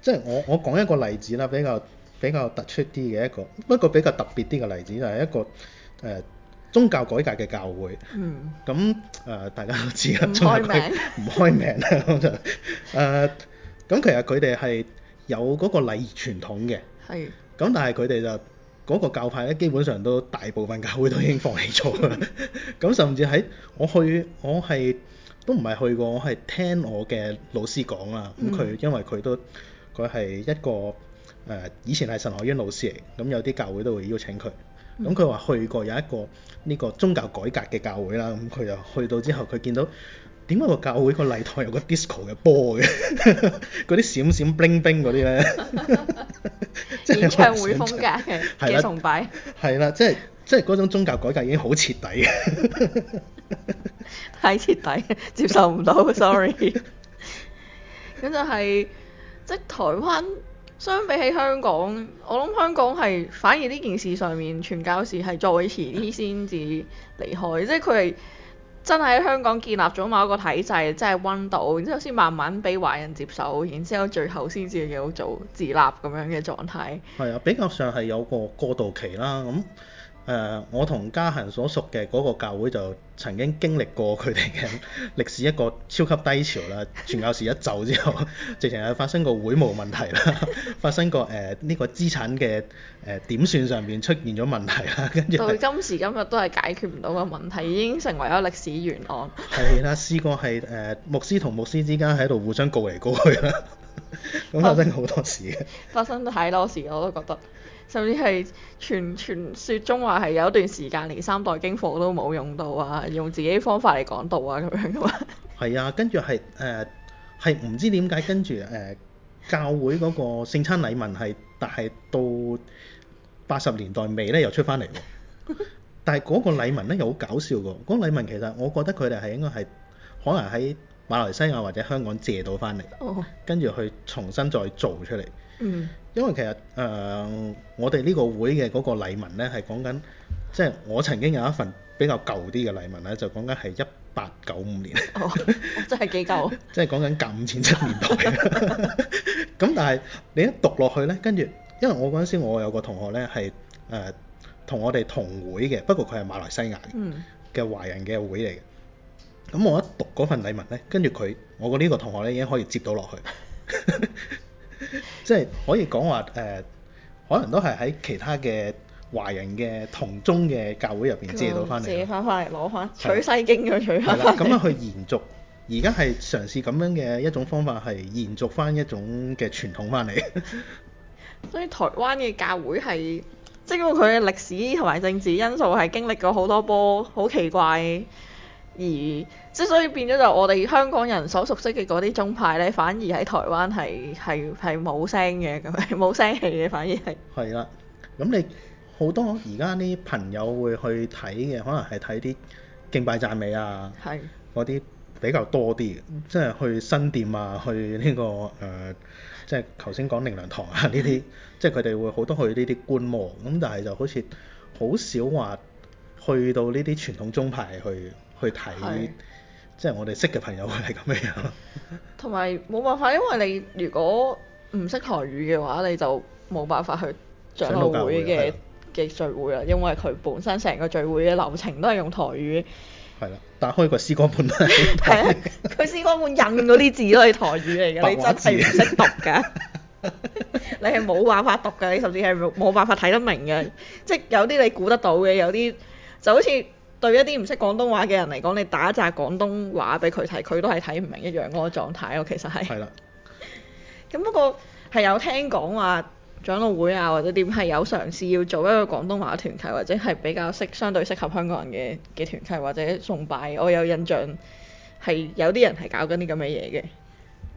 即係我我講一個例子啦，比較比較突出啲嘅一個，不過比較特別啲嘅例子就係一個誒、呃、宗教改革嘅教會，咁誒、mm. 嗯、大家都知啦，唔開名啦。咁就誒，咁其實佢哋係有嗰個禮儀傳統嘅，咁是但係佢哋就嗰、那個教派咧，基本上都大部分教會都已經放棄咗啦。咁、mm. 嗯、甚至喺我去我係都唔係去過，我係聽我嘅老師講啦。咁、嗯、佢、mm. 因為佢都。佢係一個誒、呃，以前係神學院老師嚟，咁有啲教會都會邀請佢。咁佢話去過有一個呢個宗教改革嘅教會啦，咁佢就去到之後，佢見到點解個教會個禮堂有個 disco 嘅波嘅？嗰 啲閃閃 blingbling 嗰啲咧， 演唱會風格嘅崇拜。係啦，即係即係嗰種宗教改革已經好徹底嘅， 太徹底，接受唔到，sorry。咁 就係、是。即台灣相比起香港，我諗香港係反而呢件事上面，傳教士係再遲啲先至離開，即係佢係真係喺香港建立咗某一個體制，即係温度，然之後先慢慢俾華人接受，然之後最後先至幾好做自立咁樣嘅狀態。係啊，比較上係有個過渡期啦咁。誒、呃，我同嘉恒所屬嘅嗰個教會就曾經經歷過佢哋嘅歷史一個超級低潮啦。 傳教士一走之後，直情係發生個會務問題啦，發生個誒呢個資產嘅誒、呃、點算上面出現咗問題啦，跟住到今時今日都係解決唔到嘅問題，已經成為咗個歷史懸案。係 啦，試過係誒、呃、牧師同牧師之間喺度互相告嚟告去啦，咁 發生好多事嘅， 發生太多事我都覺得。甚至係傳傳説中話係有一段時間連三代經課都冇用到啊，用自己方法嚟講道啊咁樣噶嘛？係啊，跟住係誒係唔知點解跟住誒、呃、教會嗰個聖餐禮文係，但係到八十年代尾咧又出翻嚟喎。但係嗰個禮文咧又好搞笑噶，嗰、嗰個、禮文其實我覺得佢哋係應該係可能喺馬來西亞或者香港借到翻嚟，哦、跟住去重新再做出嚟。嗯，因為其實誒、呃，我哋呢個會嘅嗰個禮文咧，係講緊，即係我曾經有一份比較舊啲嘅禮文咧，就講緊係一八九五年。哦，真即係幾舊？即係講緊甲午戰爭年代。咁 但係你一讀落去咧，跟住，因為我嗰陣時我有個同學咧係誒同我哋同會嘅，不過佢係馬來西亞嘅華人嘅會嚟嘅。咁我一讀嗰份禮文咧，跟住佢，我嗰呢個同學咧已經可以接到落去。 即係可以講話誒，可能都係喺其他嘅華人嘅同宗嘅教會入邊借到翻嚟，借翻翻嚟攞翻取西經嘅取法，係啦，咁樣去延續。而家係嘗試咁樣嘅一種方法，係延續翻一種嘅傳統翻嚟。所以台灣嘅教會係， 即係佢嘅佢歷史同埋政治因素係經歷過好多波，好奇怪。而之所以變咗就我哋香港人所熟悉嘅嗰啲宗派咧，反而喺台灣係係係冇聲嘅咁樣，冇聲氣嘅，反而係係啦。咁你好多而家啲朋友會去睇嘅，可能係睇啲敬拜讚美啊，係嗰啲比較多啲。嗯、即係去新店啊，去呢、呢個誒、呃，即係頭先講靈糧堂啊呢啲，嗯、即係佢哋會好多去呢啲觀摩。咁但係就好似好少話去到呢啲傳統宗派去。去睇，是即係我哋識嘅朋友係咁嘅樣。同埋冇辦法，因為你如果唔識台語嘅話，你就冇辦法去長老會嘅嘅聚會啦。的因為佢本身成個聚會嘅流程都係用台語。係啦，打開個詩歌本係。啊，佢詩歌本印嗰啲字都係台語嚟嘅， 字你真係唔識讀㗎。 你係冇辦法讀㗎，你甚至係冇辦法睇得明嘅。即係有啲你估得到嘅，有啲就好似。對一啲唔識廣東話嘅人嚟講，你打扎廣東話俾佢睇，佢都係睇唔明一樣嗰個狀態咯。其實係。係啦。咁不過係有聽講話、啊，長老會啊或者點係有嘗試要做一個廣東話團契，或者係比較適相對適合香港人嘅嘅團契或者崇拜。我有印象係有啲人係搞緊啲咁嘅嘢嘅。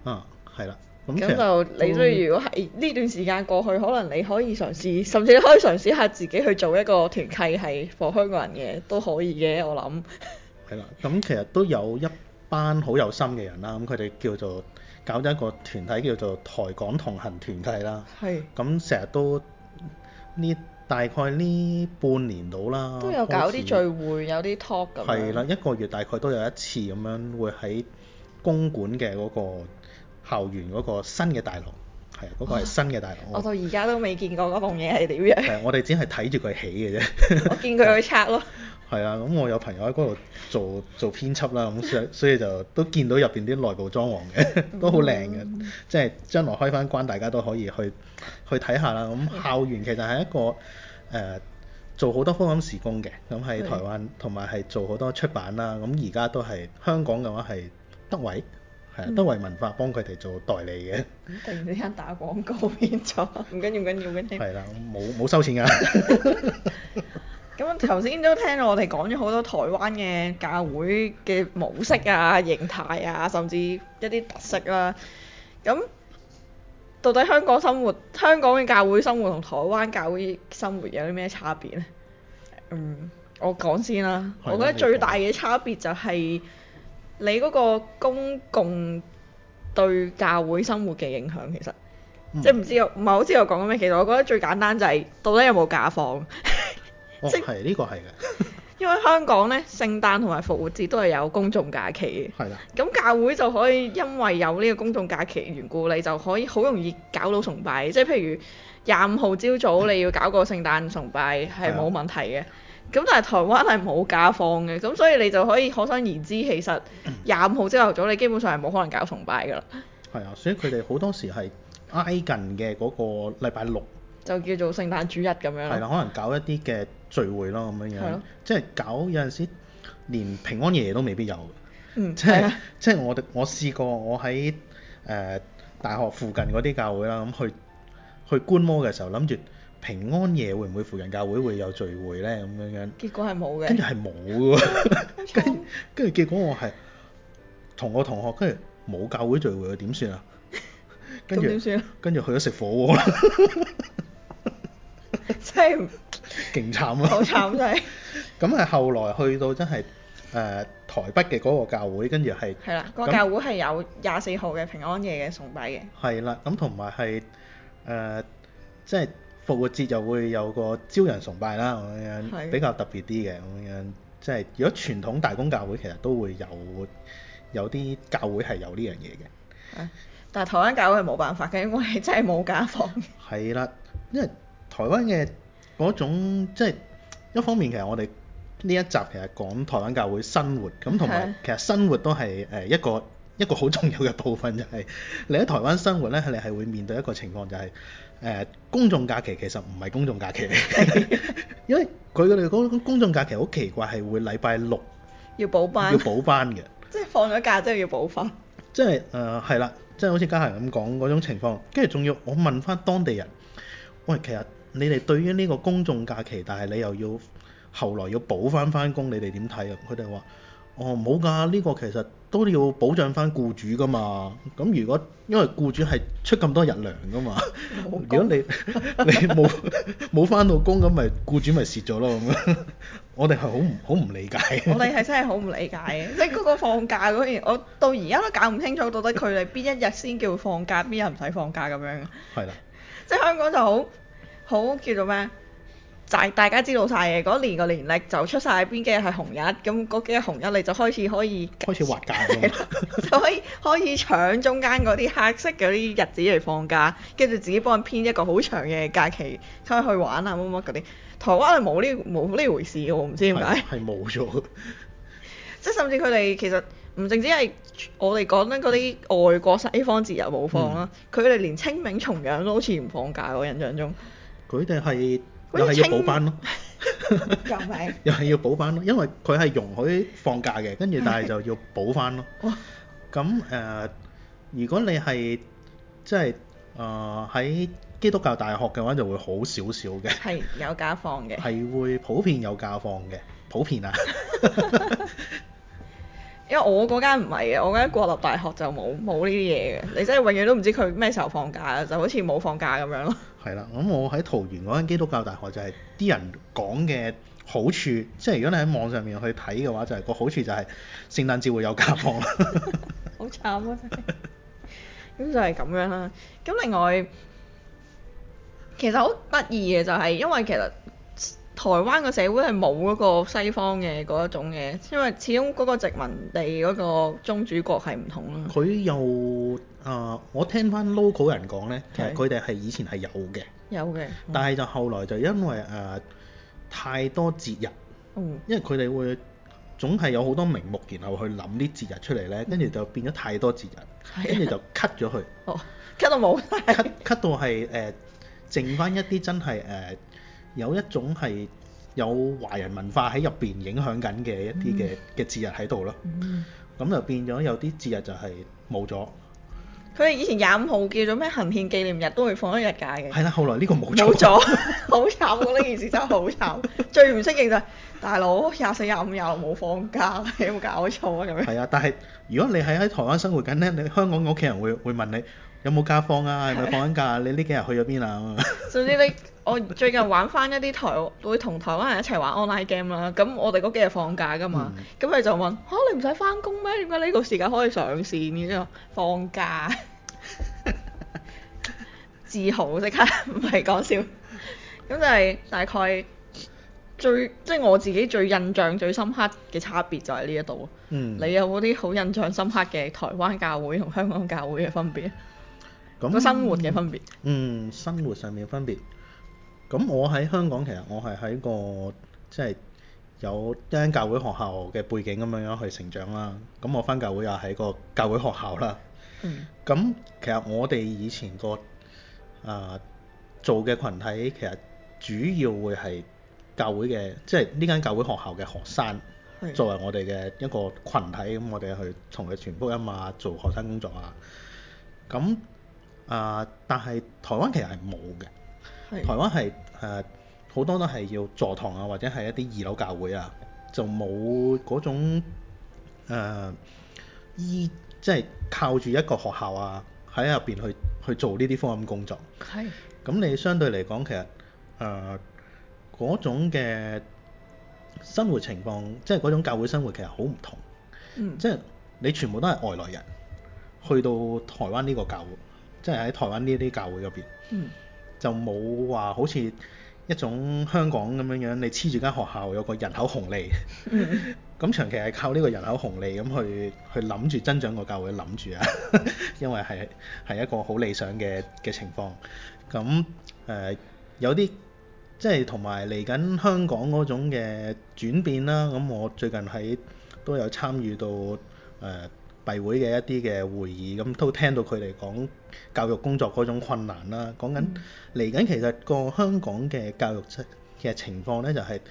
啊、嗯，係啦。咁就你都如果係呢段時間過去，嗯、可能你可以嘗試，甚至可以嘗試下自己去做一個團契，係 for 香港人嘅都可以嘅。我諗係啦，咁其實都有一班好有心嘅人啦。咁佢哋叫做搞咗一個團體叫做台港同行團契啦。係是，咁成日都呢大概呢半年到啦，都有搞啲聚會，始有啲 talk 咁。係啦，一個月大概都有一次咁樣會，喺公館嘅嗰個。校園嗰個新嘅大樓，係啊，嗰、那個係新嘅大樓。哦、我到而家都未見過嗰棟嘢係點樣。係、呃，我哋只係睇住佢起嘅啫。 我見佢去拆咯。係啊，咁我有朋友喺嗰度做做編輯啦，咁所以所以就都見到入邊啲內部裝潢嘅， 都好靚嘅，即係、嗯、將來開翻關，大家都可以去去睇下啦。咁校園其實係一個誒、呃、做好多福音事工嘅，咁喺台灣同埋係做好多出版啦。咁而家都係香港嘅話係得位。係都為文化幫佢哋做代理嘅、嗯。突然之間打廣告變咗，唔緊要，唔緊要，唔緊要。係啦，冇冇收錢㗎。咁頭先都聽到我哋講咗好多台灣嘅教會嘅模式啊、形態啊，甚至一啲特色啦、啊。咁到底香港生活、香港嘅教會生活同台灣教會生活有啲咩差別呢？嗯，我講先啦。 我覺得最大嘅差別就係、是。你嗰個公共對教會生活嘅影響，其實、嗯、即係唔知唔係好知我講緊咩？其實我覺得最簡單就係、是、到底有冇假放。 哦、即係呢個係嘅。 因為香港咧，聖誕同埋復活節都係有公眾假期嘅。係啦的。咁教會就可以因為有呢個公眾假期緣故，你就可以好容易搞到崇拜。即係譬如廿五號朝早你要搞個聖誕崇拜，係冇 問題嘅。咁但係台灣係冇假放嘅，咁所以你就可以可想而知，其實廿五號朝頭早你基本上係冇可能搞崇拜㗎啦。係啊，所以佢哋好多時係挨近嘅嗰個禮拜六，就叫做聖誕主日咁樣。係啦，可能搞一啲嘅聚會咯，咁樣樣，係啊，即係搞有陣時連平安夜都未必有。即係即係我哋我試過我喺誒、呃、大學附近嗰啲教會啦，咁去去觀摩嘅時候，諗住，平安夜會唔會附近教會會有聚會咧？咁樣樣，結果係冇嘅，跟住係冇嘅，跟跟住結果我係同我同學，跟住冇教會聚會啊？點算啊？跟住點算啊？跟住去咗食火鍋，真係勁慘啊！好慘真係。咁係後來去到真係誒台北嘅嗰個教會，跟住係係啦，個教會係有廿四號嘅平安夜嘅崇拜嘅。係啦，咁同埋係誒即係。復活節就會有個招人崇拜啦，咁樣是比較特別啲嘅咁樣，即係如果傳統大公教會其實都會有有啲教會係有呢樣嘢嘅。但係台灣教會係冇辦法嘅，因為真係冇家訪。係啦，因為台灣嘅嗰種即係一方面其實我哋呢一集其實講台灣教會生活咁，同埋其實生活都係誒一個。一個好重要嘅部分，就係你喺台灣生活咧，你係會面對一個情況就係、係、誒、呃、公眾假期其實唔係公眾假期嚟， 因為佢哋講，公眾假期好奇怪係會禮拜六要補班，要補班嘅，即係放咗假之後要補翻、呃，即係誒係啦，即係好似嘉行咁講嗰種情況，跟住仲要我問翻當地人，喂，其實你哋對於呢個公眾假期，但係你又要後來要補翻翻工，你哋點睇啊？佢哋話：哦，冇㗎，呢、呢個其實。都要保障翻僱主噶嘛，咁如果因為僱主係出咁多日糧噶嘛，工如果你你冇冇翻到工咁咪僱主咪蝕咗咯咁。 我哋係好唔好唔理解 我哋係真係好唔理解嘅， 即係嗰個放假嗰邊，我到而家都搞唔清楚到底佢哋邊一日先叫放假，邊日唔使放假咁樣嘅。係啦 的， 即係香港就好好叫做咩？大家知道晒嘅嗰年個年曆就出晒邊幾日係紅日，咁嗰幾日紅日你就開始可以開始劃假 就可以開始搶中間嗰啲黑色嗰啲日子嚟放假，跟住自己幫佢編一個好長嘅假期出去玩啊乜乜嗰啲。台灣係冇呢冇呢回事，我唔知點解係冇咗。 即係甚至佢哋其實唔淨止係我哋講緊嗰啲外國西方節日冇放啦，佢哋、嗯、連清明、重陽都好似唔放假，我印象中佢哋係。又係要補班咯， 又係，要補班咯，因為佢係容許放假嘅，跟住但係就要補翻咯。咁誒、 呃，如果你係即係誒喺基督教大學嘅話，就會好少少嘅，係有假放嘅，係會普遍有假放嘅，普遍啊。 因為我嗰間唔係嘅，我間國立大學就冇冇呢啲嘢嘅，你真係永遠都唔知佢咩時候放假啊，就好似冇放假咁樣咯。 係啦，咁我喺桃園嗰間基督教大學就係啲人講嘅好處，即係如果你喺網上面去睇嘅話，就係個好處就係聖誕節會有假放。好慘啊！咁就係咁樣啦。咁另外，其實好得意嘅就係，因為其實。台灣個社會係冇嗰個西方嘅嗰一種嘅，因為始終嗰個殖民地嗰個宗主國係唔同啦。佢又啊、呃，我聽翻 local 人講呢，佢哋係以前係有嘅，有嘅。嗯、但係就後來就因為誒、呃、太多節日，嗯、因為佢哋會總係有好多名目，然後去諗啲節日出嚟呢，跟住就變咗太多節日，跟住、嗯、就 cut 咗佢，cut 到冇晒 cut 到係誒剩翻一啲真係誒。呃 有一種係有華人文化喺入邊影響緊嘅一啲嘅嘅節日喺度咯，咁就變咗有啲節日就係冇咗。佢哋以前廿五號叫做咩行憲紀念日，都會放一日假嘅。係啦，後來呢個冇咗。冇咗，好慘喎！呢件事真係好慘。最唔適應就係大佬，廿四廿五又冇放假，你有冇搞錯啊？咁樣。係啊，但係如果你喺喺台灣生活緊咧，你香港嘅屋企人會會問你。有冇假放啊？係咪放緊假？你呢幾日去咗邊啊？咁總之你，啊、 你我最近玩返一啲台，會同台灣人一齊玩 online game 啦、啊。咁我哋嗰幾日放假㗎嘛。咁佢、嗯、就問吓、啊：你唔使返工咩？點解呢個時間可以上線嘅？放假 自豪即刻唔係講笑。咁 就係大概最即係、就是、我自己最印象最深刻嘅差別就喺呢一度。嗯、你有冇啲好印象深刻嘅台灣教會同香港教會嘅分別？咁那生活嘅分別。嗯，生活上面嘅分別。咁我喺香港，其實我係喺個即係有一間教會學校嘅背景咁樣樣去成長啦。咁我返教會又喺個教會學校啦。嗯。咁其實我哋以前個啊、呃、做嘅群體，其實主要會係教會嘅，即係呢間教會學校嘅學生的作為我哋嘅一個群體，咁我哋去同佢傳福音啊，做學生工作啊。咁。啊、呃、但係台灣其實係冇嘅。的台灣係誒好多都係要座堂啊，或者係一啲二樓教會啊，就冇嗰種，呃、依即係靠住一個學校啊，喺入邊去去做呢啲福音工作。係咁的，你相對嚟講，其實誒嗰，呃、種嘅生活情況，即係嗰種教會生活，其實好唔同。嗯、即係你全部都係外來人去到台灣呢個教會。即係喺台灣呢啲教會嗰邊，嗯、就冇話好似一種香港咁樣樣，你黐住間學校有個人口紅利，咁、嗯、 長期係靠呢個人口紅利咁去去諗住增長個教會，諗住啊， 因為係係一個好理想嘅嘅情況。咁誒、呃、有啲即係同埋嚟緊香港嗰種嘅轉變啦。咁我最近喺都有參與到誒、呃、衛理會嘅一啲嘅會議，咁都聽到佢哋講。教育工作嗰種困難啦，講緊嚟緊，嗯、其實個香港嘅教育嘅情況呢，就係、是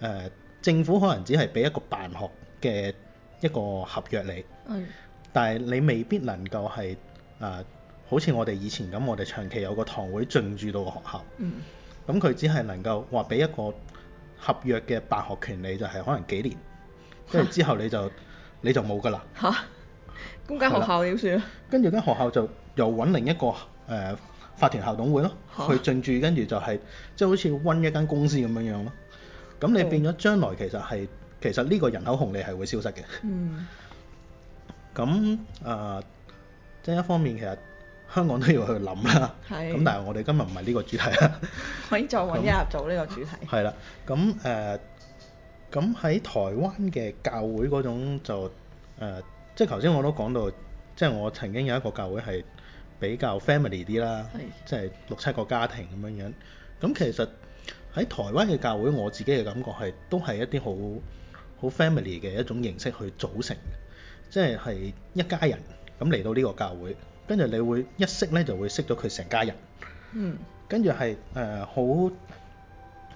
呃、政府可能只係俾一個辦學嘅一個合約你，嗯、但係你未必能夠係誒、呃，好似我哋以前咁，我哋長期有個堂會進駐到個學校，嗯，咁佢只係能夠話俾一個合約嘅辦學權利，就係可能幾年，跟住之後你就哈你就冇㗎啦，嚇？咁間學校點算？跟住間學校就。又揾另一個誒法團校董會咯，去進駐，跟住就係即係好似溫一間公司咁樣樣咯。咁你變咗將來其實係其實呢個人口紅利係會消失嘅。嗯。咁誒，即係一方面其實香港都要去諗啦。係。咁但係我哋今日唔係呢個主題啦。可以再揾一組呢個主題。係啦。咁誒，咁喺台灣嘅教會嗰種就誒，即係頭先我都講到，即係我曾經有一個教會係。比較 family 啲啦，的即係六七個家庭咁樣樣。咁其實喺台灣嘅教會，我自己嘅感覺係都係一啲好好 family 嘅一種形式去組成，即係係一家人咁嚟到呢個教會，跟住你會一識呢就會識到佢成家人。嗯，跟住係誒好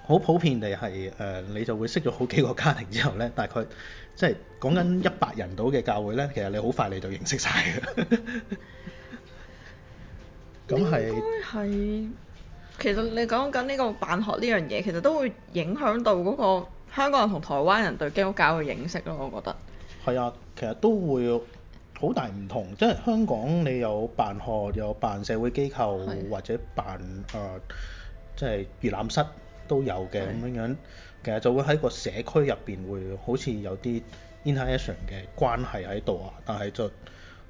好普遍地係誒，你就會識咗好幾個家庭之後呢，大概即係講緊一百人度嘅教會呢，嗯、其實你好快你就認識晒。 咁係，應該係其實你講緊呢個辦學呢樣嘢，其實都會影響到嗰個香港人同台灣人對基督教嘅認識咯。我覺得係啊，其實都會好大唔同。即係香港你有辦學，有辦社會機構的或者辦誒即係育覽室都有嘅咁樣樣，其實就會喺個社區入邊會好似有啲 interaction 嘅關係喺度啊。但係就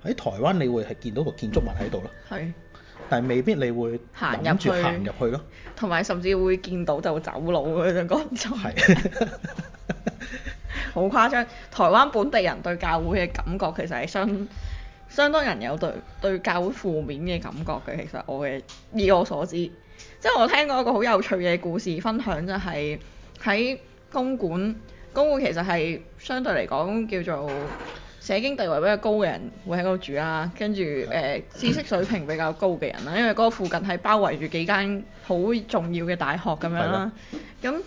喺台灣，你會係見到個建築物喺度咯。係。的但係未必你會行入去，行入去囉，同埋甚至會見到就走佬嗰種講法。好 誇張。台灣本地人對教會嘅感覺其實係相相當人有對對教會負面嘅感覺嘅。其實我嘅以我所知，即係我聽過一個好有趣嘅故事分享，就係、是、喺公館，公館其實係相對嚟講叫做。社經地位比較高嘅人會喺嗰度住啦、啊，跟住誒知識水平比較高嘅人啦、啊，因為嗰個附近係包圍住幾間好重要嘅大學咁樣啦、啊。咁、嗯、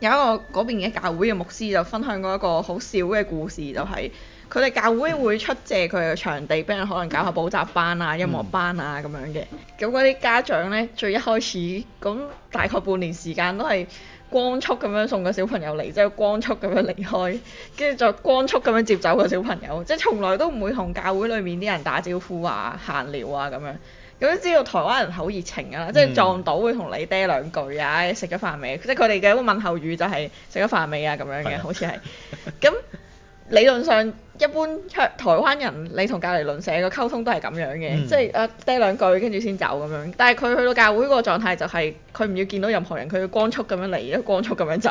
有一個嗰邊嘅教會嘅牧師就分享過一個好小嘅故事，就係佢哋教會會出借佢嘅場地俾人可能搞下補習班啊、音樂班啊咁樣嘅。咁嗰啲家長呢，最一開始咁大概半年時間都係。光速咁樣送個小朋友嚟，即係光速咁樣離開，跟住再光速咁樣接走個小朋友，即係從來都唔會同教會裡面啲人打招呼啊、閒聊啊咁樣。咁知道台灣人好熱情啊，嗯、即係撞到會同你嗲兩句啊，食咗飯未？即係佢哋嘅一個問候語就係食咗飯未啊咁樣嘅，好似係。咁 理論上，一般台灣人你同隔離鄰舍嘅溝通都係咁樣嘅，嗯、即係啊，嗲、呃、兩句跟住先走咁樣。但係佢去到教會嗰個狀態就係佢唔要見到任何人，佢要光速咁樣嚟，光速咁樣走。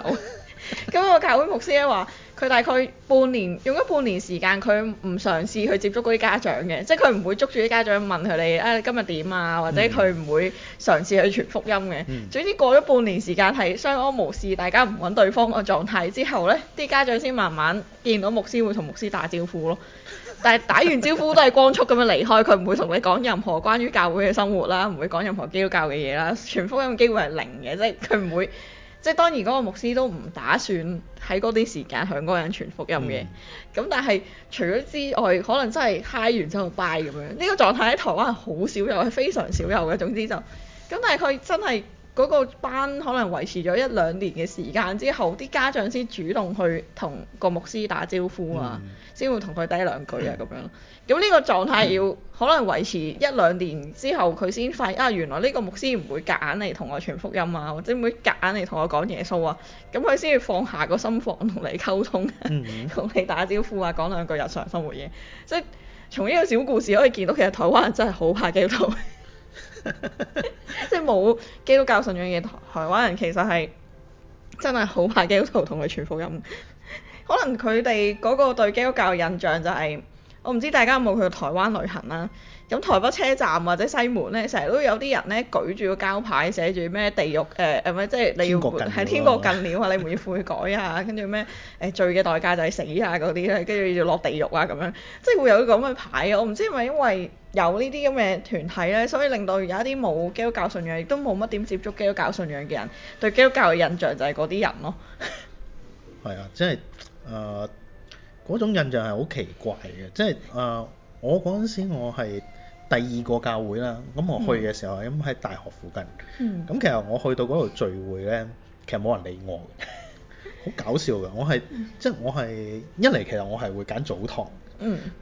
咁 個教會牧師咧話。佢大概半年用咗半年時間，佢唔嘗試去接觸嗰啲家長嘅，即係佢唔會捉住啲家長問佢哋啊今日點啊，或者佢唔會嘗試去傳福音嘅。嗯，總之過咗半年時間係相安無事，大家唔揾對方個狀態之後呢，啲家長先慢慢見到牧師會同牧師打招呼咯。但係打完招呼都係光速咁樣離開，佢唔會同你講任何關於教會嘅生活啦，唔會講任何基督教嘅嘢啦，傳福音嘅機會係零嘅，即係佢唔會。即係當然嗰個牧師都唔打算喺嗰段時間向嗰個人傳福音嘅，咁、嗯、但係除咗之外，可能真係嗨完之後拜咁樣，呢、呢個狀態喺台灣係好少有，係非常少有嘅。總之就咁，但係佢真係。嗰個班可能維持咗一兩年嘅時間之後，啲家長先主動去同個牧師打招呼啊，先、嗯、會同佢低一兩句啊咁、嗯、樣。咁呢個狀態要可能維持一兩年之後，佢先發現啊原來呢個牧師唔會隔硬嚟同我傳福音啊，或者唔會隔硬嚟同我講耶穌啊，咁佢先要放下個心房同你溝通，同、嗯、 你打招呼啊，講兩句日常生活嘢。即係從呢個小故事可以見到，其實台灣人真係好怕基督徒。 即係冇基督教信仰嘅台灣人，其實係真係好怕基督徒同佢傳福音。 可能佢哋嗰個對基督教嘅印象就係、是、我唔知大家有冇去台灣旅行啦、啊。咁台北車站或者西門咧，成日都有啲人咧舉住個膠牌，寫住咩地獄誒誒，唔、呃、即係你要係天國近了啊， 了你唔要悔改啊，跟住咩誒罪嘅代價就係死啊嗰啲咧，跟住要落地獄啊咁樣，即係會有啲咁嘅牌。我唔知係咪因為有呢啲咁嘅團體咧，所以令到有一啲冇基督教信仰，亦都冇乜點接觸基督教信仰嘅人，對基督教嘅印象就係嗰啲人咯。係 啊，即係誒嗰種印象係好奇怪嘅，即係誒、呃、我嗰陣時我係。第二個教會啦，咁我去嘅時候咁喺、嗯、大學附近。咁、嗯、其實我去到嗰度聚會呢，其實冇人理我，好搞笑㗎。我係、嗯、即係我係一嚟，其實我係會揀早堂，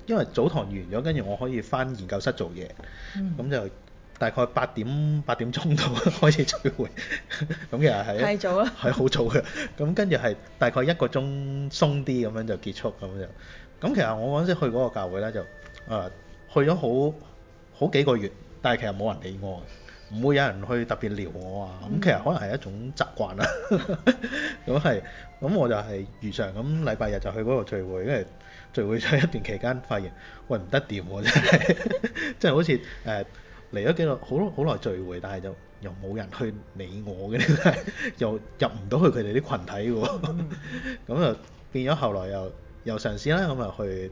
因為早堂完咗，跟住我可以翻研究室做嘢。咁就大概八點八點鐘到開始聚會，咁其實係係早啦，係好早嘅。咁跟住係大概一個鐘鬆啲咁樣就結束咁就。咁其實我嗰陣時去嗰個教會呢，就誒、呃、去咗好好幾個月，但係其實冇人理我，唔會有人去特別撩我啊。咁其實可能係一種習慣啦。咁係、嗯，咁 我就係如常咁禮拜日就去嗰度聚會，因為聚會咗一段期間，發現喂唔得掂喎、啊，真係，即 係好似誒嚟咗幾耐，好好耐聚會，但係就又冇人去理我嘅， 又入唔到去佢哋啲群體喎。咁、嗯、 就變咗後來又又嘗試啦，咁啊去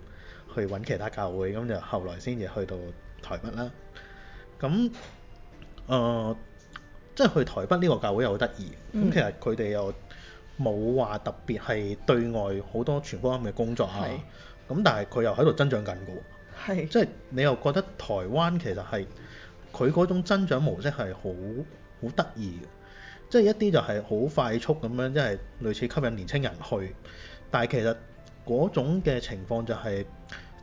去搵其他教會，咁就後來先至去到。台北啦，咁誒、呃，即係去台北呢個教會又好得意。咁、嗯、其實佢哋又冇話特別係對外好多傳福音嘅工作係啊，咁但係佢又喺度增長緊嘅喎。是即係你又覺得台灣其實係佢嗰種增長模式係好好得意嘅，即係一啲就係好快速咁樣，即、就、係、是、類似吸引年青人去，但係其實嗰種嘅情況就係、是。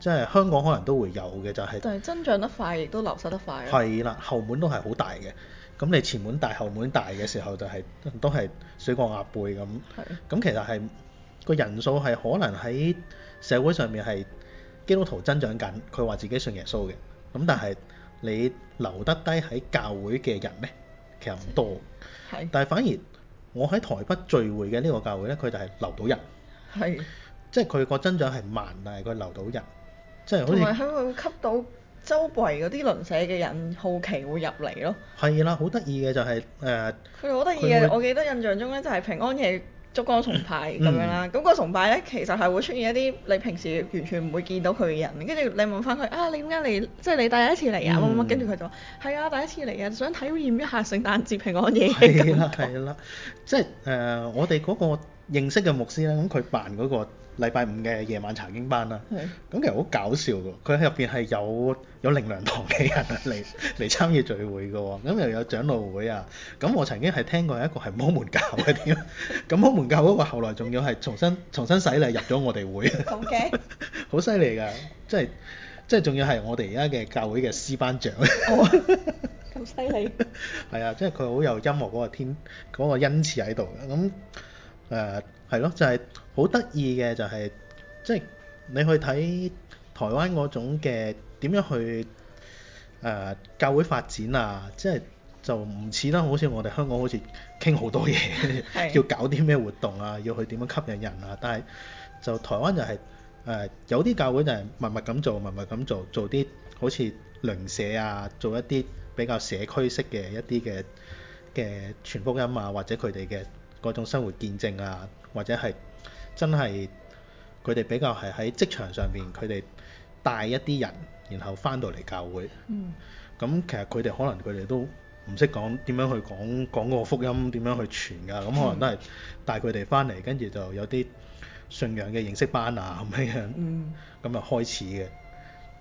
即係香港可能都會有嘅，就係、是、但係增長得快，亦都流失得快。係啦，後門都係好大嘅。咁你前門大後門大嘅時候、就是，就係都係水過鴨背咁。係。咁的其實係個人數係可能喺社會上面係基督徒增長緊，佢話自己信耶穌嘅。咁但係你留得低喺教會嘅人呢，其實唔多。的但係反而我喺台北聚會嘅呢個教會呢，佢就係留到人。係的。即係佢個增長係慢，但係佢留到人。即係好似，同埋喺度吸到周圍嗰啲鄰舍嘅人好奇會入嚟咯。係啦，好得意嘅就係、是、誒。佢好得意嘅，會我記得印象中咧就係平安夜燭光崇拜咁樣啦。嗰、嗯、個崇拜咧其實係會出現一啲你平時完全唔會見到佢嘅人，跟住你問翻佢啊，你點解你？即、就、係、是、你第一次嚟啊？乜乜、嗯？跟住佢就話係啊，第一次嚟啊，想體驗一下聖誕節平安夜。係啦即係誒，我哋嗰個認識嘅牧師咧，咁佢扮嗰、那個。禮拜五嘅夜晚查經班啦，咁的其實好搞笑嘅，佢入邊係有有靈糧堂嘅人嚟嚟 參與聚會嘅，咁又有長老會啊，咁我曾經係聽過一個係摩門教啲點，咁 摩門教嗰個後來仲要係重新重新洗禮入咗我哋會，咁嘅 Okay. 好犀利㗎，即係即係仲要係我哋而家嘅教會嘅詩班長，咁犀利，係啊， 即係佢好有音樂嗰個天嗰、嗰個恩賜喺度嘅，咁誒。呃係咯，就係好得意嘅，就係即係你去睇台灣嗰種嘅點樣去誒、呃、教會發展啊！即係就唔似啦。好似我哋香港好似傾好多嘢， 要搞啲咩活動啊，要去點樣吸引人啊。但係就台灣就係、是、誒、呃、有啲教會就係默默咁做，默默咁做，做啲好似鄰舍啊，做一啲比較社區式嘅一啲嘅嘅傳福音啊，或者佢哋嘅嗰種生活見證啊。或者係真係佢哋比較係喺職場上邊，佢哋帶一啲人，然後翻到嚟教會。嗯。咁其實佢哋可能佢哋都唔識講點樣去講講個福音，點樣去傳㗎？咁可能都係帶佢哋翻嚟，跟住就有啲信仰嘅認識班啊咁樣樣。嗯。咁就開始嘅。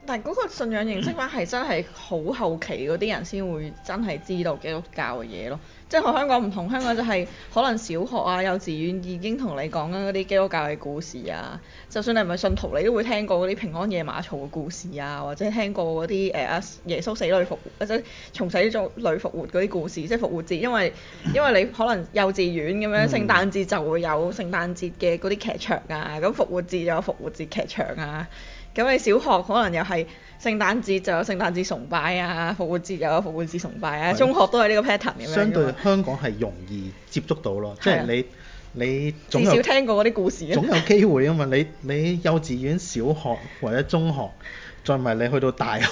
但係嗰個信仰形式話係真係好後期嗰啲人先會真係知道基督教嘅嘢咯，即係同香港唔同，香港就係可能小學啊、幼稚園已經同你講緊嗰啲基督教嘅故事啊，就算你唔係信徒，你都會聽過嗰啲平安夜馬槽嘅故事啊，或者聽過嗰啲誒阿耶穌死裡復活或者從死裡復活嗰啲故事，即係復活節，因為因為你可能幼稚園咁樣，聖誕節就會有聖誕節嘅嗰啲劇場啊，咁復活節有復活節劇場啊。咁你小學可能又係聖誕節就有聖誕節崇拜啊，復活節又有，有復活節崇拜啊，的中學都係呢個 pattern，相對香港係容易接觸到咯，即係的你你至少聽過嗰啲故事。總有機會啊嘛，你你幼稚園、小學或者中學，再唔係你去到大學，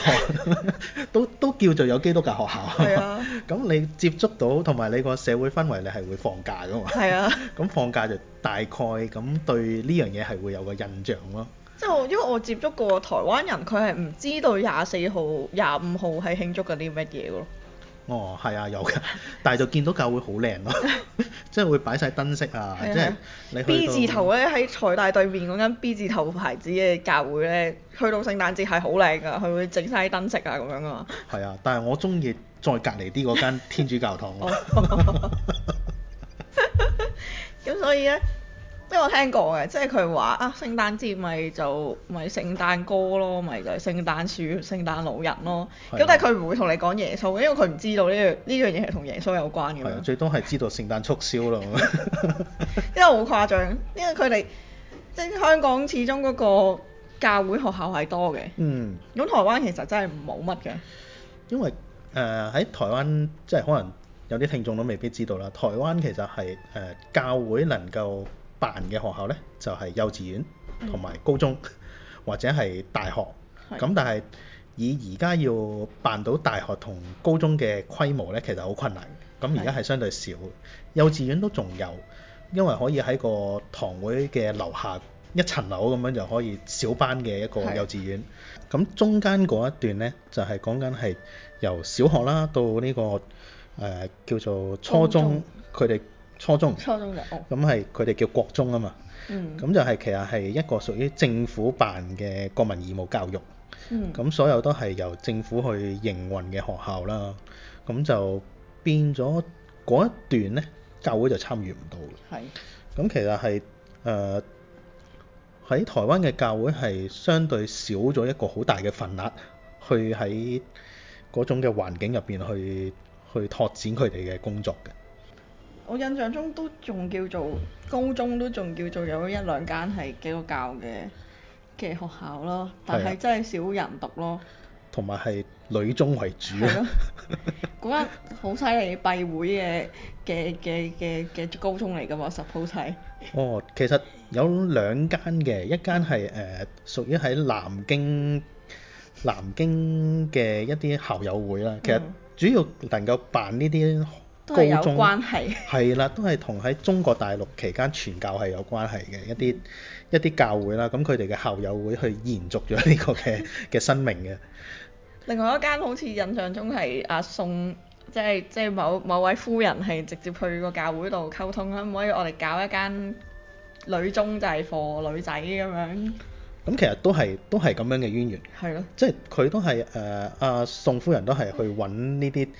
都都叫做有基督教學校。係啊的。咁 你接觸到，同埋你個社會氛圍，你係會放假噶嘛？係啊的。咁 放假就大概咁對呢樣嘢係會有個印象咯。即係因為我接觸過台灣人，佢係唔知道廿四號、廿五號係慶祝緊啲乜嘢咯。哦，係啊，有㗎，但係就見到教會好靚咯， 即係會擺晒燈飾啊， 啊即係你。B 字頭咧喺財大對面嗰間 B 字頭牌子嘅教會咧，去到聖誕節係好靚㗎，佢會整晒啲燈飾啊咁樣㗎嘛。係啊，但係我中意再隔離啲嗰間天主教堂咯。咁所以咧。即係我聽過嘅，即係佢話啊，聖誕節咪就咪、就是、聖誕歌咯，咪就係、是、聖誕樹、聖誕老人咯。咁、啊、但係佢唔會同你講耶穌，因為佢唔知道呢樣呢樣嘢係同耶穌有關嘅、啊。最多係知道聖誕促銷咯， 因為好誇張，因為佢哋即係香港始終嗰個教會學校係多嘅。嗯。咁台灣其實真係冇乜嘅，因為誒喺、呃、台灣即係可能有啲聽眾都未必知道啦。台灣其實係誒、呃、教會能夠。辦嘅學校呢，就係、是、幼稚園同埋高中、嗯、或者係大學。咁是但係以而家要辦到大學同高中嘅規模呢，其實好困難嘅。咁而家係相對少，是幼稚園都仲有，因為可以喺個堂會嘅樓下一層樓咁樣就可以小班嘅一個幼稚園。咁是中間嗰一段呢，就係、是、講緊係由小學啦到呢、這個誒、呃、叫做初中，佢哋中。初中，初中有，咁係佢哋叫國中啊嘛，咁、嗯、就係其實係一個屬於政府辦嘅國民義務教育，咁、嗯、所有都係由政府去營運嘅學校啦，咁就變咗嗰一段咧，教會就參與唔到嘅，咁是其實係誒喺台灣嘅教會係相對少咗一個好大嘅份額，去喺嗰種嘅環境入邊去去拓展佢哋嘅工作嘅。我印象中都仲叫做高中，都仲叫做有一兩間係基督教嘅嘅學校咯，但係真係少人讀咯。同埋係女中為主咯的，嗰間好犀利閉會嘅嘅嘅嘅嘅高中嚟噶嘛 suppose 係哦，其實有兩間嘅，一間係誒屬於喺南京南京嘅一啲校友會啦。其實主要能夠辦呢啲。高中都係有關係，係啦，都係同喺中國大陸期間傳教係有關係嘅一啲 一啲教會啦，咁佢哋嘅校友會去延續咗呢個嘅嘅生命嘅。另外一間好似印象中係阿宋，即係即係某某位夫人係直接去個教會度溝通，可唔可以我哋搞一間女中就係女仔咁樣？咁、嗯、其實都係都係咁樣嘅淵源，係咯的，即係佢都係誒阿宋夫人都係去揾呢啲。嗯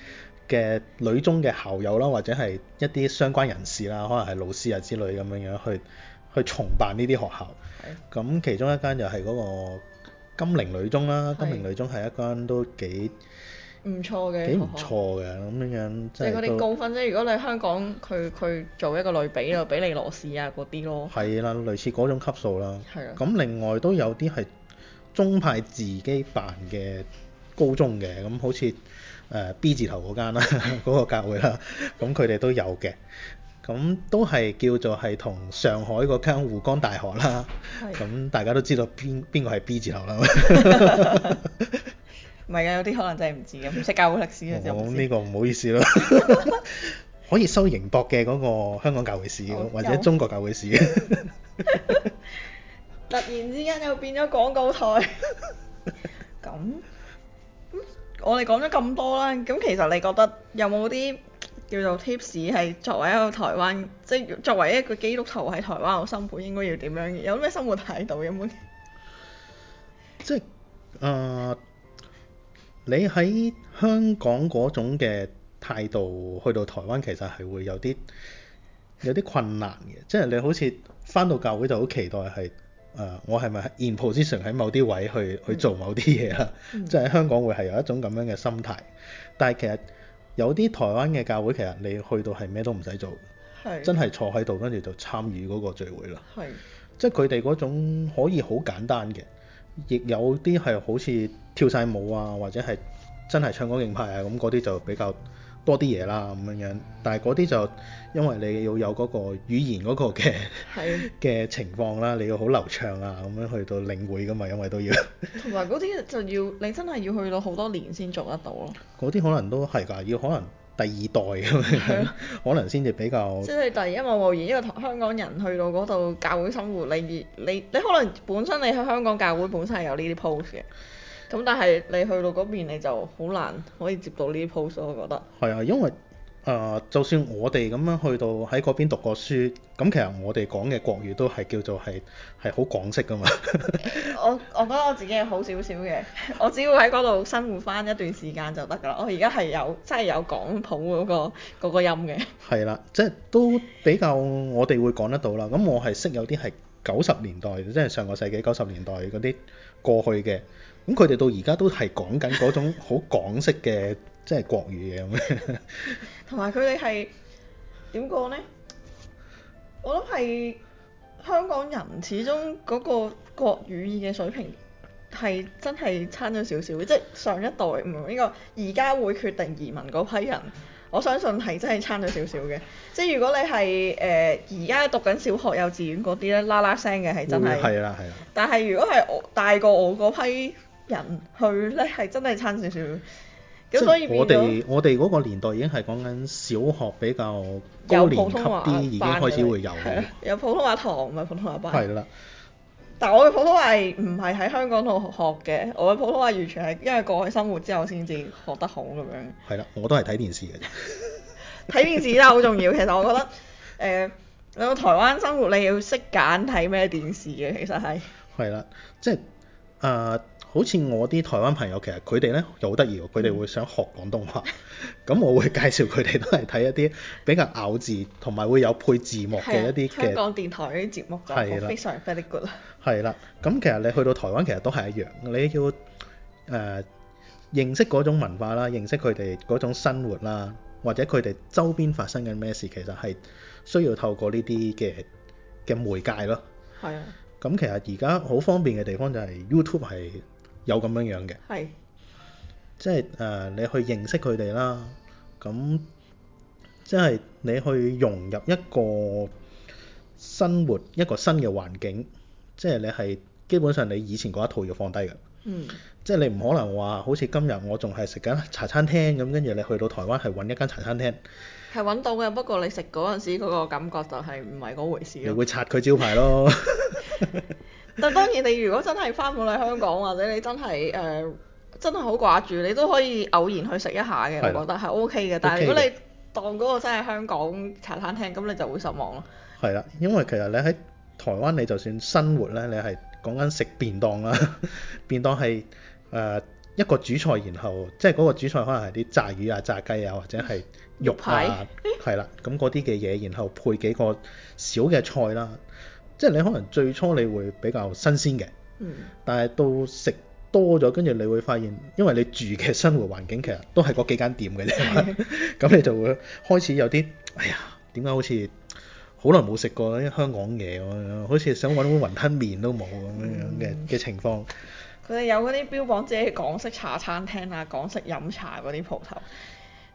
嘅女中嘅校友啦，或者係一啲相關人士啦，可能係老師啊之類咁樣樣去去重辦呢啲學校。係的。咁其中一間就係嗰個金陵女中啦。的金陵女中係一間都幾唔錯嘅。幾唔錯嘅咁樣樣，即啲高分啫。即如果你香港佢佢做一個類比 就啊，庇理羅士啊嗰啲咯。係啦，類似嗰種級數啦。係啦的。咁另外都有啲係宗派自己辦嘅高中嘅，咁好似。B 字頭嗰間啦，嗰、那個教會啦，咁佢哋都有嘅，咁都係叫做係同上海嗰間滬江大學啦，咁的大家都知道邊邊個係 B 字頭啦。唔係啊，有啲可能真係唔知嘅，唔識教會歷史嘅我就唔知呢個，唔好意思啦， 可以收盈博嘅嗰個香港教會史 或者中國教會史 突然之間又變咗廣告台。咁。 我哋講咗咁多啦，咁其實你覺得有冇啲叫做 tips 係作為一個台灣，即係作為一個基督徒喺台灣嘅辛苦應該要點樣？有咩生活態度咁樣？有冇即係啊、呃，你喺香港嗰種嘅態度去到台灣其實係會有啲有啲困難嘅， 即係你好似返到教會就好期待係。誒，我係咪 in position 喺某啲位去、嗯、去做某啲嘢啊？嗯、即係香港會係有一種咁樣嘅心態。嗯、但係其實有啲台灣嘅教會，其實你去到係咩都唔使做，是真係坐喺度跟住就參與嗰個聚會啦。係是，即係佢哋嗰種可以好簡單嘅，亦有啲係好似跳晒舞啊，或者係真係唱歌勁派啊咁嗰啲就比較。多啲嘢啦，咁樣樣，但係嗰啲就因為你要有嗰個語言嗰個嘅嘅 的情況啦，你要好流暢啊，咁樣去到領會噶嘛，因為都要。同埋嗰啲就要 你真係要去到好多年先做得到咯。嗰啲可能都係㗎，要可能第二代咁樣， 的 可能先至比較。即係但係因為我而，因為香港人去到嗰度教會生活，你你你，你可能本身你喺香港教會本身係有呢啲 pose 嘅。咁但係你去到嗰邊，你就好難可以接到呢啲 pose，我覺得係啊，因為誒、呃，就算我哋咁樣去到喺嗰邊讀過書，咁其實我哋講嘅國語都係叫做係係好港式㗎嘛。 我我覺得我自己係好少少嘅，我只要喺嗰度生活返一段時間就得㗎啦。我而家係有真係有廣普嗰、嗰個嗰個音嘅。係啦、啊，即係都比較我哋會講得到啦。咁我係識有啲係九十年代，即、就、係、是、上個世紀九十年代嗰啲過去嘅。咁佢哋到而家都係講緊嗰種好港式嘅，即係 國語嘢咁。同埋佢哋係點講呢？我諗係香港人始終嗰個國語嘅水平係真係差咗少少。即係上一代唔呢個，而家會決定移民嗰批人，我相信係真係差咗少少嘅。即係如果你係誒而家讀緊小學幼稚園嗰啲咧，啦啦聲嘅係真係。嗯，係啦，係啦。但係如果係我大過我嗰批，人去咧係真係差少少，咁所以我哋我哋嗰個年代已經係講緊小學比較高年級啲已經開始會有嘅，有普通話堂咪普通話班。係啦，但係我嘅普通話唔係喺香港度學嘅，我嘅普通話完全係因為過去生活之後先至學得好咁樣。係啦，我都係睇電視嘅啫。睇 電視真係好重要，其實我覺得你到、呃、台灣生活你要識揀睇咩電視嘅，其實係，係啦，即係。就是啊，uh, 好似我啲台灣朋友，其實佢哋咧又好得意喎，佢哋、嗯、會想學廣東話。咁 我會介紹佢哋都係睇一啲比較咬字同埋會有配字幕嘅一啲嘅香港電台嗰啲節目，就係啦非常 very good 啦。係啦，咁其實你去到台灣其實都係一樣，你要誒、呃、認識嗰種文化啦，認識佢哋嗰種生活啦，或者佢哋周邊發生緊咩事，其實係需要透過呢啲嘅嘅媒介咯。係啊。咁其實而家好方便嘅地方就係 YouTube 係有咁樣樣嘅，係是，即係誒、uh, 你去認識佢哋啦，咁即係你去融入一個生活一個新嘅環境，即係你係基本上你以前嗰一套要放低嘅。嗯、即係你唔可能話好似今日我仲係食緊茶餐廳咁，跟住你去到台灣係揾一間茶餐廳，係揾到嘅，不過你食嗰陣時嗰個感覺就係唔係嗰回事咯，你會拆佢招牌咯。 但當然，你如果真係翻唔到嚟香港，或者你真係誒、呃、真係好掛住，你都可以偶然去食一下嘅，的我覺得係 OK 嘅。但係如果你當嗰個真係香港茶餐廳，咁你就會失望咯。係啦，因為其實你喺台灣，你就算生活咧，你係講緊食便當啦。便當係誒、呃、一個主菜，然後即係嗰個主菜可能係啲炸魚啊、炸雞啊，或者係肉啊，係啦排，咁嗰啲嘅嘢，然後配幾個小嘅菜啦。即係你可能最初你會比較新鮮嘅，嗯、但係到食多咗，跟住你會發現，因為你住嘅生活環境其實都係嗰幾間店嘅啫，咁 你就會開始有啲，哎呀，點解好似好耐冇食過啲香港嘢咁樣，好似想揾碗雲吞麵都冇咁樣樣嘅嘅情況。佢哋有嗰啲標榜自己係港式茶餐廳啊，港式飲茶嗰啲鋪頭。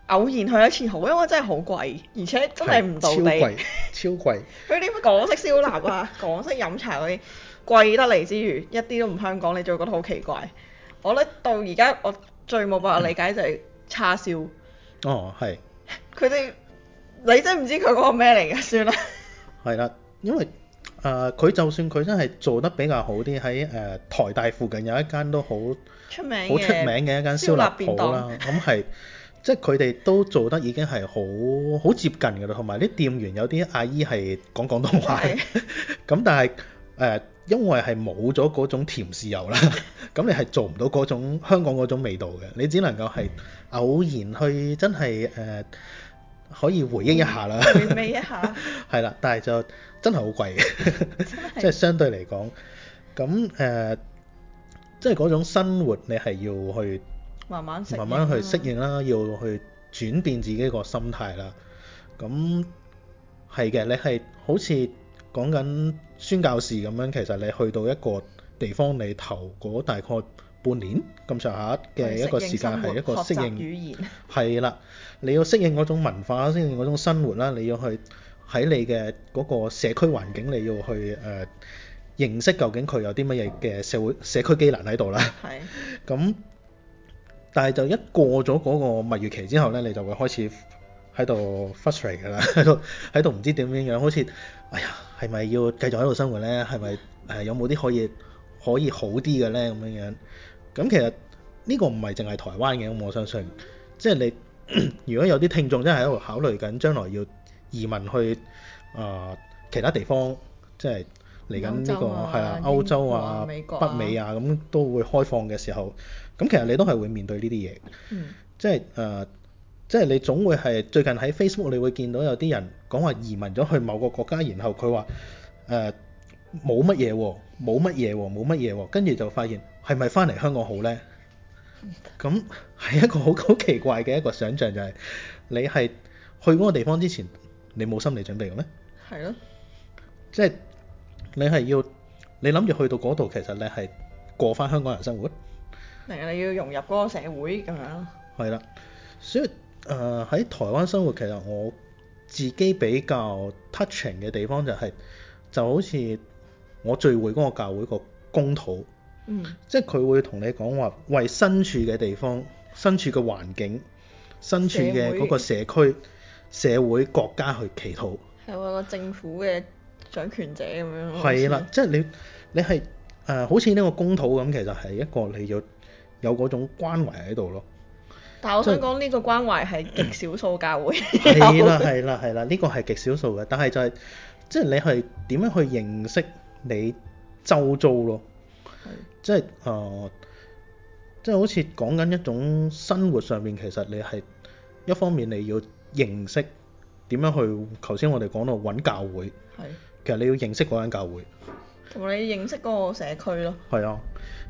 偶然去一次好，因為真係好貴，而且真係唔到地。超貴，超貴。佢啲乜港式燒臘啊， 港式飲茶嗰啲，貴得嚟之餘，一啲都唔香港，你就會覺得好奇怪。我咧到而家我最冇辦法理解就係叉燒。嗯、哦，係。佢哋，你真唔知佢嗰個咩嚟嘅？算啦。係啦，因為誒佢、呃、就算佢真係做得比較好啲，喺誒、呃、台大附近有一間都好出名，好出名嘅一間燒臘店啦，咁係。嗯嗯嗯嗯即係佢哋都做得已經係好好接近㗎啦，同埋啲店員有啲阿姨係講廣東話嘅，咁嗎 但係誒、呃，因為係冇咗嗰種甜豉油啦，咁 你係做唔到嗰種香港嗰種味道嘅，你只能夠係偶然去真係誒、呃、可以回憶一下啦、嗯，回味一下，係啦， 但係就真係好貴嘅、 呃，即係相對嚟講，咁誒，即係嗰種生活你係要去。慢慢去適應啦，要去轉變自己個心態啦。咁係嘅，你係好似講緊宣教士咁樣，其實你去到一個地方，你頭嗰大概半年咁上下嘅一個時間係一個適應語言。係啦，你要適應嗰種文化，適應嗰種生活啦。你要去喺你嘅嗰個社區環境，你要去誒認識究竟佢有啲乜嘢嘅社會社區機能喺度啦。係。咁。但係就一過咗嗰個蜜月期之後咧，你就會開始喺度 frustrate 噶啦，喺度喺度唔知點樣樣，好似哎呀係咪要繼續喺度生活咧？係咪誒有冇啲可以可以好啲嘅咧咁樣樣？咁其實呢、這個唔係淨係台灣嘅，我相信即係、就是、你 如果有啲聽眾真係喺度考慮緊將來要移民去啊、呃、其他地方，即係嚟緊呢個係啊歐洲啊、美國啊、北美啊咁、啊、都會開放嘅時候。咁其實你都係會面對呢啲嘢，即係誒，即係你總會係最近喺 Facebook，你會見到有啲人講話移民咗去某個國家，然後佢話誒冇乜嘢喎，冇乜嘢喎，冇乜嘢喎，跟住就發現係咪返嚟香港好呢？咁係、嗯、一個好好奇怪嘅一個想像、就係，就係你係去嗰個地方之前，你冇心理準備嘅咩？係咯的，即係你係要你諗住去到嗰度，其實你係過返香港人生活。定係你要融入嗰個社會咁樣。係啦，所以誒喺、呃、台灣生活，其實我自己比較 touching 嘅地方就係、是、就好似我聚會嗰個教會個公禱，嗯、即係佢會同你講話為身處嘅地方、身處嘅環境、身處嘅嗰個社區、社會，社會國家去祈禱。係為、那個政府嘅掌權者咁樣。係啦的，即係你你係誒、呃、好似呢個公禱咁，其實係一個你要。有嗰種關懷喺度咯，但係我想講呢個關懷係極少數教會。係啦， 係啦，係啦，呢個係極少數嘅。但係就係、係，即係你係點樣去認識你周遭咯。的即係誒，即、呃、係好似講緊一種生活上面，其實你係一方面你要認識點樣去。頭先我哋講到揾教會，係的，其實你要認識嗰間教會，同你認識嗰個社區咯。係啊。